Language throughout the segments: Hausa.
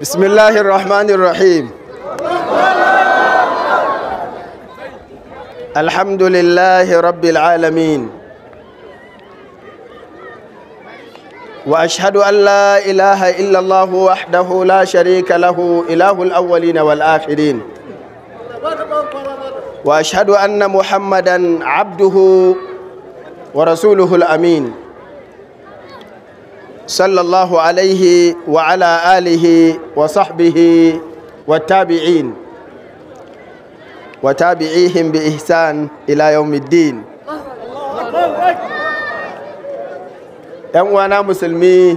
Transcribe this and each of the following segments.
بسم الله الرحمن الرحيم الحمد لله رب العالمين وأشهد أن لا إله إلا الله وحده لا شريك له إله الأولين والآخرين وأشهد أن محمدا عبده ورسوله الأمين صلى الله عليه وعلى آله وصحبه والتابعين وتابعيهم بإحسان إلى يوم الدين ‘yan uwana musulmi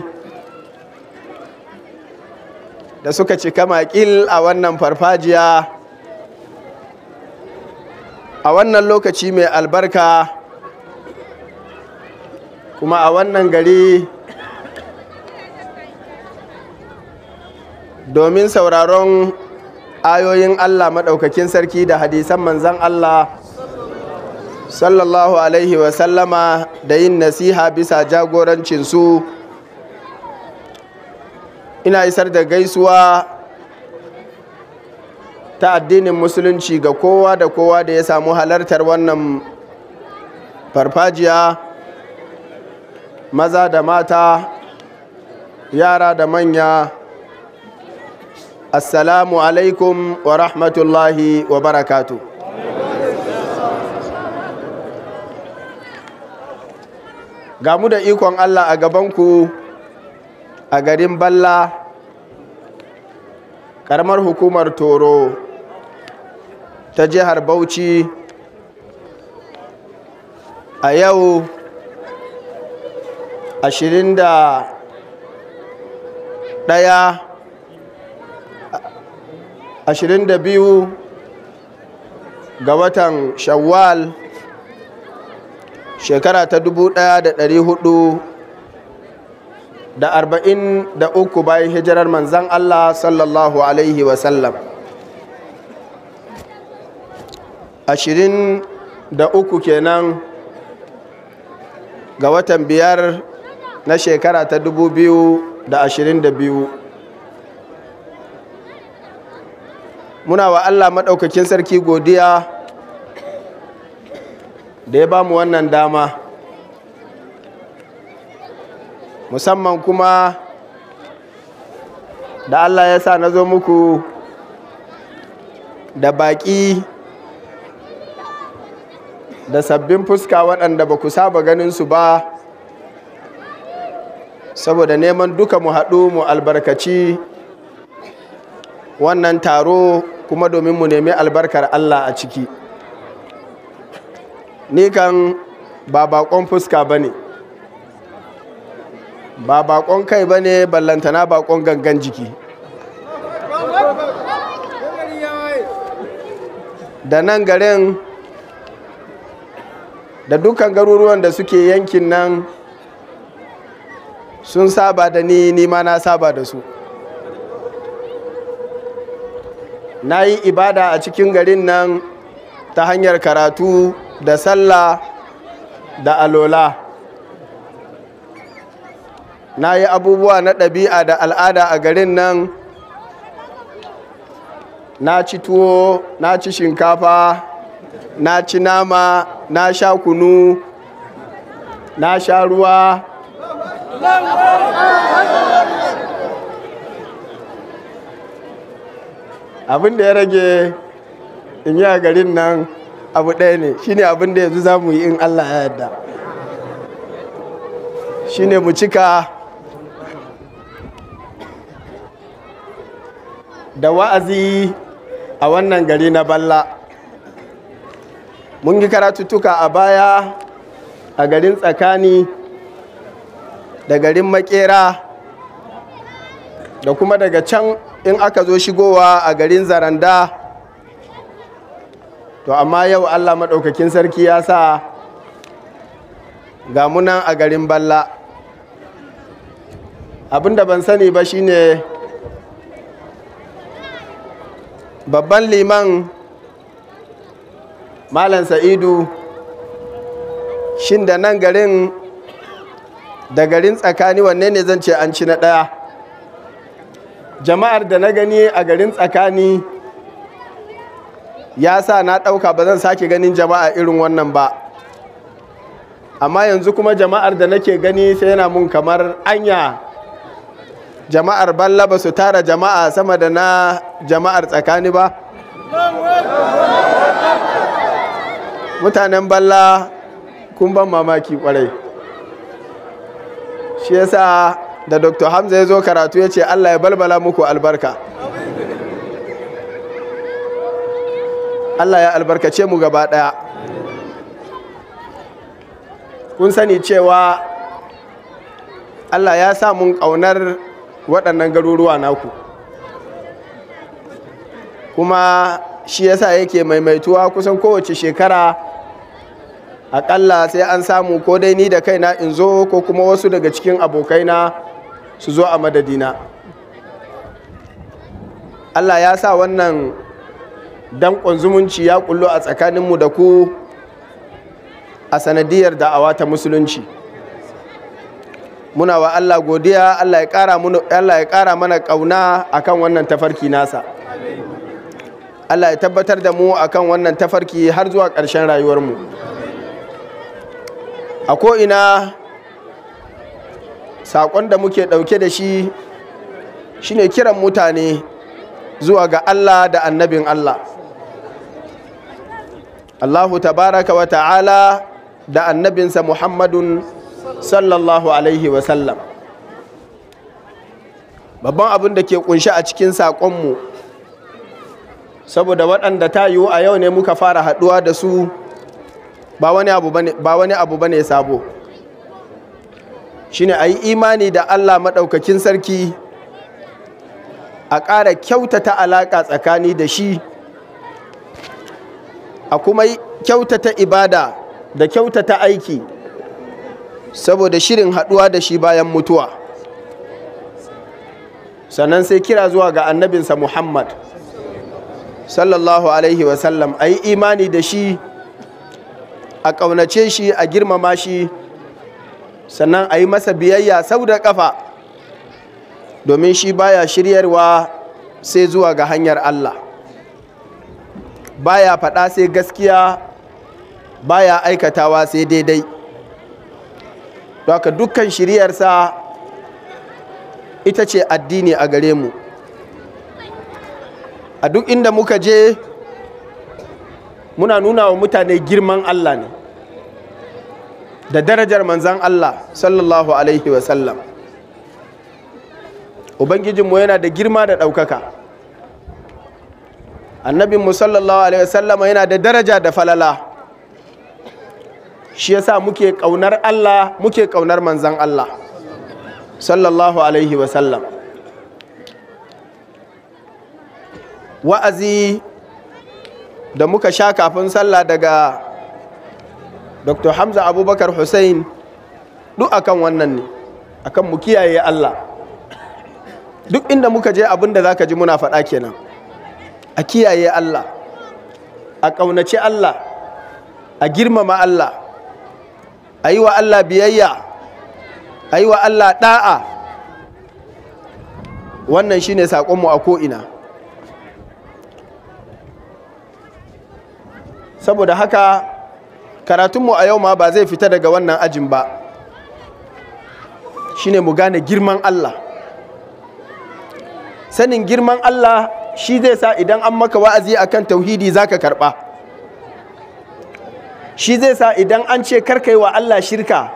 da suka cika makil a wannan farfajiya a wannan lokaci mai albarka kuma a wannan gari domin sauraron ayoyin Allah maɗaukakin sarki da hadisan manzan Allah sallallahu alaihi wasallama da yin nasiha bisa jagorancinsu ina isar da gaisuwa ta addinin musulunci ga kowa da kowa da ya samu halartar wannan farfajiya maza da mata yara da manya assalamu alaikum wa rahmatullahi wa barakatu ga da ikon Allah a gabanku a garin balla karamar hukumar toro ta jihar bauchi a yau ashirin da ɗaya. 22 ga watan shawwal shekara ta 1443 bayan hijirar manzan Allah sallallahu alaihi wasallam 23 kenan ga watan biyar na shekara ta 2022 muna wa Allah maɗaukakin sarki godiya da ya ba mu wannan dama musamman kuma da Allah ya sa na zo muku da baƙi da sabbin fuska waɗanda ba ku saba ganin su ba saboda neman duka mu haɗu mu albarkaci wannan taro kuma domin mu nemi albarkar Allah a ciki ni kan ba bakon fuska ba ne ba bakon kai ba ne ballantana bakon gangan jiki da nan garin da dukkan garuruwan da suke yankin nan sun saba da ni nima na saba da su na yi ibada a cikin garin nan ta hanyar karatu da sallah da alola na yi abubuwa na ɗabi'a da al'ada a garin nan na ci tuwo na ci shinkafa na ci nama na sha kunu na sha ruwa abin da ya rage in yi a garin nan abu ɗaya ne shine abin da yanzu za mu yi in allah ya yarda shine mu cika da wa'azi a wannan gari na balla mun yi karatuttuka a baya a garin tsakani da garin makera da kuma daga can in aka zo shigowa a garin zaranda to amma yau allah maɗaukakin sarki ya sa ga munan a garin balla abinda ban sani ba shine babban liman malam sa'idu shin da nan garin da garin tsakani wanne ne zan ce an ci na ɗaya jama'ar da na gani a garin tsakani ya sa na ɗauka ba zan sake ganin jama'a irin wannan ba amma yanzu kuma jama'ar da nake gani sai yana mun kamar anya jama'ar balla ba su tara jama'a sama da na jama'ar tsakani ba mutanen balla kun ban mamaki kwarai shi yasa da dr hamza ya zo karatu ya ce allah ya balbala muku albarka allah ya albarkace mu gaba ɗaya kun sani cewa allah ya sa mun ƙaunar waɗannan garuruwa naku kuma shi yasa yake maimaituwa kusan kowace shekara aƙalla sai an samu ko dai ni da kaina in zo ko kuma wasu daga cikin abokaina su zo a madadina Allah ya sa wannan danƙon zumunci ya kullu a tsakaninmu da ku a sanadiyar da'awa ta musulunci muna wa Allah godiya Allah ya ƙara mana ƙauna akan wannan tafarki nasa Allah ya tabbatar da mu akan wannan tafarki har zuwa ƙarshen rayuwarmu a ko'ina saƙon da muke ɗauke da shi shine kiran mutane zuwa ga Allah da annabin Allah Allahu tabaraka wa ta'ala da annabinsa Muhammadun sallallahu alaihi wasallam babban abin da ke kunshi a cikin saƙonmu saboda waɗanda ta yiwu a yau ne muka fara haɗuwa da su ba wani abu ba ne sabo shine a yi imani da Allah maɗaukakin sarki a ƙara kyautata alaƙa tsakani da shi a kuma kyautata ibada da kyautata aiki saboda shirin haɗuwa da shi bayan mutuwa sannan sai kira zuwa ga annabinsa muhammad sallallahu alaihi wasallam a yi imani da shi a ƙaunace shi a girmama shi sannan a yi masa biyayya sau da ƙafa domin shi baya shiryarwa sai zuwa ga hanyar Allah baya faɗa sai gaskiya baya aikatawa sai daidai haka dukkan shiryarsa ita ce addini a gare mu a duk inda muka je muna nuna wa mutane girman Allah ne da darajar manzan Allah sallallahu alaihi wasallam ubangijinmu yana da girma da ɗaukaka annabinmu sallallahu alaihi wasallama yana da daraja da falala shi yasa muke ƙaunar Allah muke ƙaunar manzan Allah sallallahu alaihi wasallam wa'azi da muka sha kafin sallah daga dr hamza abubakar hussein duk akan wannan ne akan mu kiyaye allah duk inda muka je abin da za ka ji muna faɗa kenan a kiyaye allah a ƙaunaci allah a girmama allah a yi wa allah biyayya a yi wa allah ɗa'a wannan shine saƙonmu a ko'ina saboda haka karatunmu a yau ma ba zai fita daga wannan ajin ba shine mu gane girman Allah sanin girman Allah shi zai sa idan an maka wa'azi akan tauhidi zaka karɓa. shi zai sa idan an ce karkai wa Allah shirka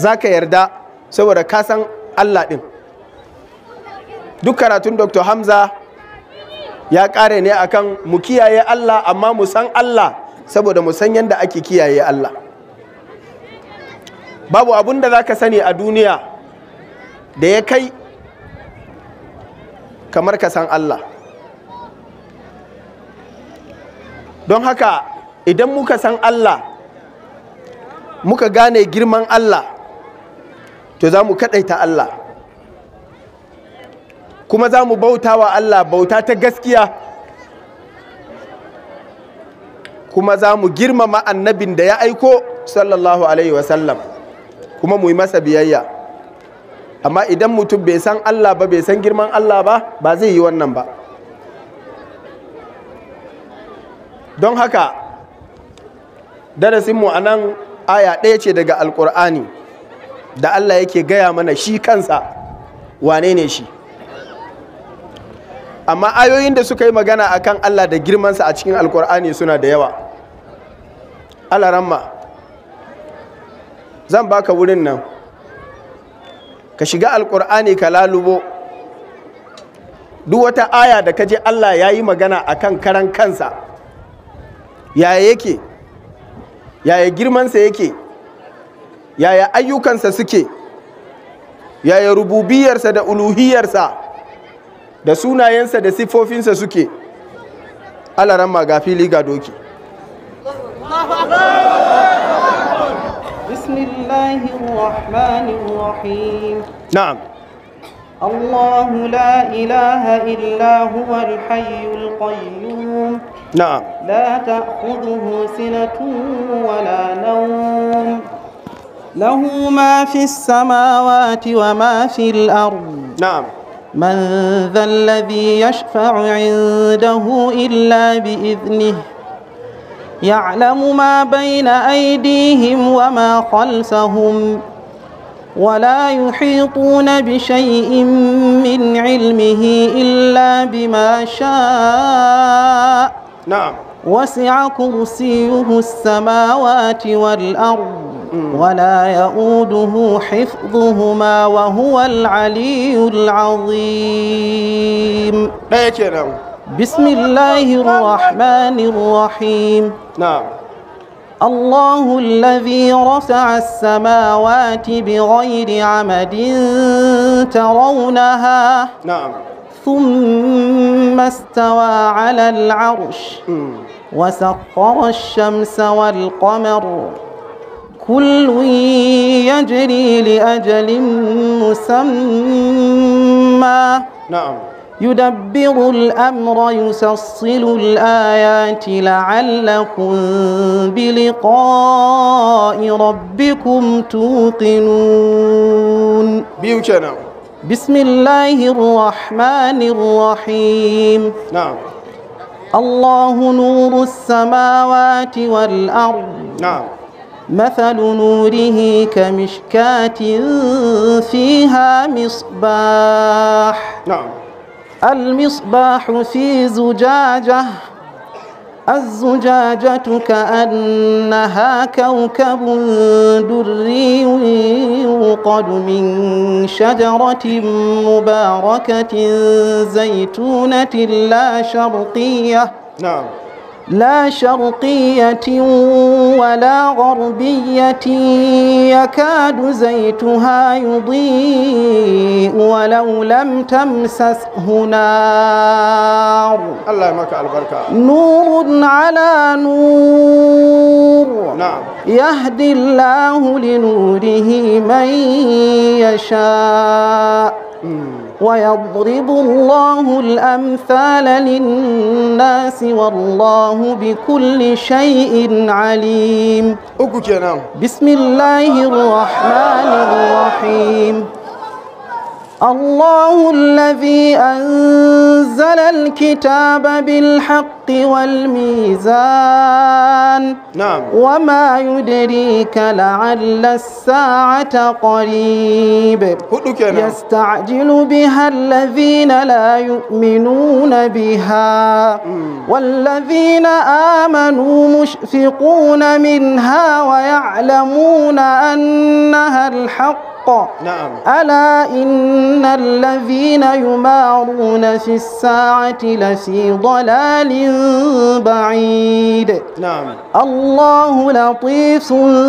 zaka yarda saboda ka san Allah ɗin. duk karatun Dr. Hamza ya kare ne akan mu kiyaye Allah amma mu san Allah saboda mu san yadda ake kiyaye Allah babu abun da za ka sani a duniya da ya kai kamar ka san Allah don haka idan muka san Allah muka gane girman Allah to za mu kadaita Allah kuma za mu bauta wa Allah bauta ta gaskiya kuma za mu girmama annabin da ya aiko sallallahu alaihi wasallam kuma mu yi masa biyayya amma idan mutum bai san Allah ba bai san girman Allah ba ba zai yi wannan ba don haka darasinmu a nan aya ɗaya ce daga Alƙur'ani da Allah yake gaya mana shi kansa wane ne shi amma ayoyin da suka yi magana a kan Allah da girmansa a cikin alkur'ani suna da yawa alaramma zan baka wurin nan ka shiga alkur'ani ka lalubo duk wata aya da ka je Allah ya yi magana akan karan kansa yaya yake yaya girmansa yake yaya ayyukansa suke yaya rububiyarsa da uluhiyarsa Da sunayensa da siffofinsa suke, ala ramma gafi riga doki. Na faɗa waɗanda. Bisimillah wa'im waƙi. Na wa. Allahuma la ilaha illa huwa lhayu lƙwaiyu. La ta'a fudu husina tuma wala laun. Lahu ma fi sama wa ma filaru. Na. من ذا الذي يشفع عنده إلا بإذنه يعلم ما بين أيديهم وما خلفهم ولا يحيطون بشيء من علمه إلا بما شاء نعم وسع كرسيه السماوات والأرض ولا يؤوده حفظهما وهو العلي العظيم بسم الله الرحمن الرحيم نعم الله الذي رفع السماوات بغير عمد ترونها نعم ثم استوى على العرش وسخر الشمس والقمر كل يجري لأجل مسمى نعم يدبر الأمر يسصل الآيات لعلكم بلقاء ربكم توقنون بيوشنا. نعم. بسم الله الرحمن الرحيم نعم الله نور السماوات والأرض نعم مثل نوره كمشكاة فيها مصباح نعم المصباح في زجاجة الزجاجة كأنها كوكب دري يوقد من شجرة مباركة زيتونة لا شرقية نعم لا شرقية ولا غربية يكاد زيتها يضيء ولو لم تمسسه نار الله يمك البركة نور على نور نعم يهدي الله لنوره من يشاء ويضرب الله الأمثال للناس والله بكل شيء عليم بسم الله الرحمن الرحيم الله الذي أنزل الكتاب بالحق والميزان نعم وما يدريك لعل الساعة قريب نعم. يستعجل بها الذين لا يؤمنون بها والذين آمنوا مشفقون منها ويعلمون أنها الحق نعم ألا إن الذين يمارون في الساعة لفي ضلال بعيد نعم الله لطيف